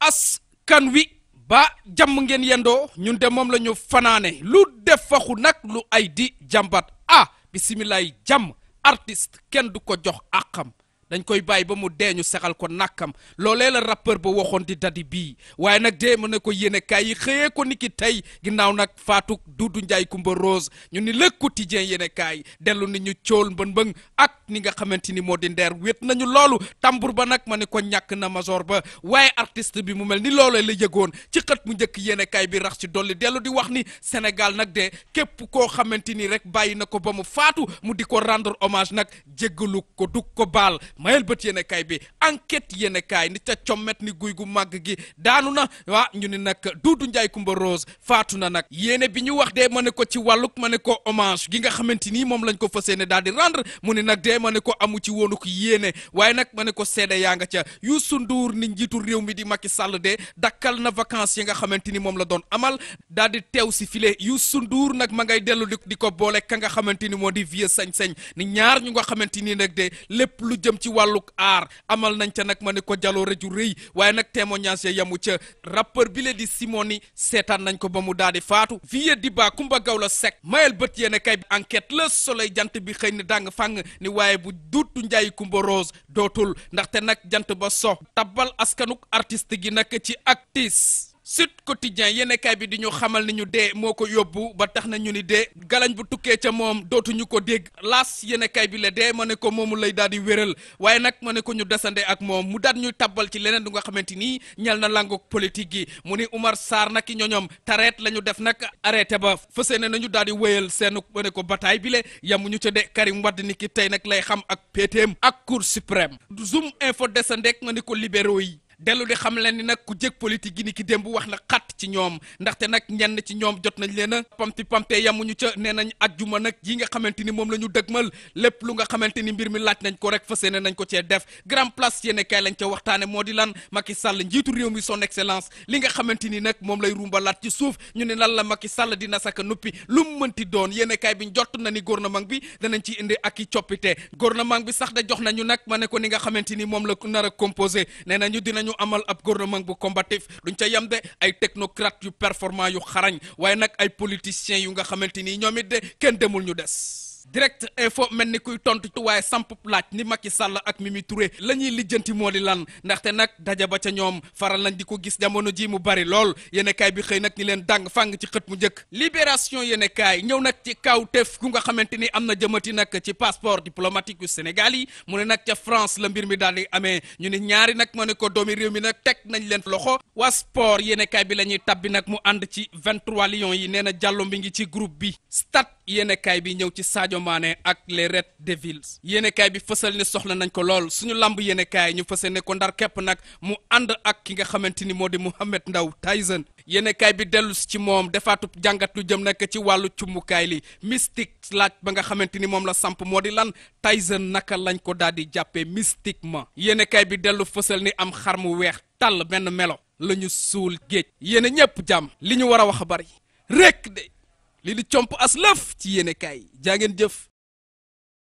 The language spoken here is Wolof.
askan wi ba jàmm ngeen yendoo ñun de moom la ñu fanaane lu def faxu nag lu ay di jàmbat ah bisimilaay jàmm artiste kenn du ko jox àqam dañ koy bàyyi ba mu dee ñu sexal ko nàkkam loolee la rappeur ba waxoon di dadi bii waaye nag dee mën na ko yéene yi xëyee ko niki tey ginnaaw nag faatu Dudu Njaay Kumba Rose ñu ni le quotidien yéene kaay dellu ni ñu cool mbën mbëng ak ni nga xamante ni moo di ndeer wét nañu loolu tambour ba nag ma ne ko ñàkk na major ba waaye artiste bi mu mel ni loole la yëgoon ci xët mu njëkk yéene bi rax ci dolli dellu di wax ni Sénégal nag de képp koo xamante ni rek bàyyi na ko ba mu faatu mu di ko rendre hommage nag jéggalu ko du ko baal mayel bët yéene kaay bi enquête yéene kaay ni ca commet ni guy gu màgg gi daanu na waa ñu ne nag Doudou njaay Coumba Rose faatu na nag yéene bi ñu wax dee ma ne ko ci wàlluk ma ne ko hommage gi nga xamante ni moom lañ ko fas yéene daal di rendre mu ni nag waaye ma ne ko amu ci woonu ko yéene waaye nag ma ne ko seede yaa nga ca Youssou Ndour ni njiitu réew mi di Macky Sall de dakkal na vacances yi nga xamante ni moom la doon amal daal teew si file Youssou Ndour nag ma ngay dellu di ko boole ka nga xamante ni moo di Vieux Sagne Sagne ni ñaar ñu nga xamante ni nag de lépp lu jëm ci wàlluk aar amal nañ ca nag ma ne ko jaloore ju rëy waaye nag témoignage ya yamu ca rappeur bi le di ni seetaan nañ ko ba mu daal di faatu Vieux Diba Kumba Gawlo Seck mayel bët yéene kay enquête la soleil jant bi xëy ay bu duutu njaay kumba rose dootul ndaxte nag jant ba so tabbal askanuk artiste gi nag ci actis Sud Quotidien yéenekaay bi di ñu xamal nañu ñu dee moo ko yóbbu ba tax na ñu ni de galañ bu tukkee ca moom dootuñu ko dégg laas yéenekaay bi la de ma ne ko moomu lay daal di wéral waaye nag ma ne ko ñu desande ak moom mu daal ñu tabal ci leneen du nga xamante ni ñal na langu politique yi mu ni Umar Sarr nag i ñoñom tareet la ñu def nag arrêté ba fësee ne nañu daal di wéyal seen ma ne ko bataay bi le yamuñu ca de kari Wade ni ki tey nag lay xam ak PTM ak Cour suprême Zoom info desandek ma ne ko libéraux yi dellu di xam leen ni nag ku jég politique gi ni ki démb wax na xat ci ñoom ndaxte nag ñenn ci ñoom jot nañ leen a pamti pamte yamuñu ca nee nañ ajjuma nag yi nga xamante ni moom la ñu dëgmal lépp lu nga xamante ni mbir mi laaj nañ ko rek fas yéene nañ ko cee def grand place lañ ca waxtaane moo di lan Macky Sall njiitu réew mi son excellence li nga xamante ni nag moom lay rumbalaat ci suuf ñu ne lan la Macky Sall dina saka nuppi lu mu mënti doon yéene kaay bi jot na ni gouvernement bi danañ ci indi ak i coppite gouvernement bi sax da jox nañu nag ma ne ni nga xamante ni moom la nar a composé nee nañu dinañu amal ab gouvernement bu lu ñu ca yem de ay techno technocrate yu performant yu xarañ waaye nag ay politiciens yu nga xamante ni ñoom it de kenn demul ñu des direct info mel ni kuy tontu waaye samp laaj ni Macky Sall ak Mimi Touré la ñuy lijjanti moo di lan ndaxte nag daja ba ca ñoom faral nañ di ko gis jamono ji mu bari lool yéen bi xëy nag ni leen dàng fàng ci xët mu njëkk libération yéen kaay ñëw nag ci kaw kawteef ku nga xamante ni am na jëmati nag ci passeport diplomatique yu Sénégal yi mu ne nag ca France la mbir mi daal di amee ñu ne ñaari nag ma ne ko doomi réew mi nag teg nañ leen loxo was sport yéen bi la ñuy tabbi nag mu ànd ci 23 yi nee na jàllom bi ngi ci groupe bi yéenekaay bi ñëw ci Sadio Mané ak les Red Devils yéenekaay bi fësal ne soxla nañ ko lool suñu lamb yéenekaay ñu fësal ne ko ndar képp nag mu ànd ak ki nga xamante ni moo di Mouhamed Ndaw Tyson yéenekaay bi dellu ci moom defaatub jàngat jëm nag ci wàllu cumbukaay li mystique laaj ba nga xamante ni moom la samp moo di lan Tyson naka lañ ko daal di jàppee mystiquement yéenekaay bi dellu fësal ni am xar mu weex tàll benn melo la ñu suul géej yéen ñëpp jàmm li ñu war a wax bari rek de. lii di comp aslaf ci yéene kaay jaa ngeen jëf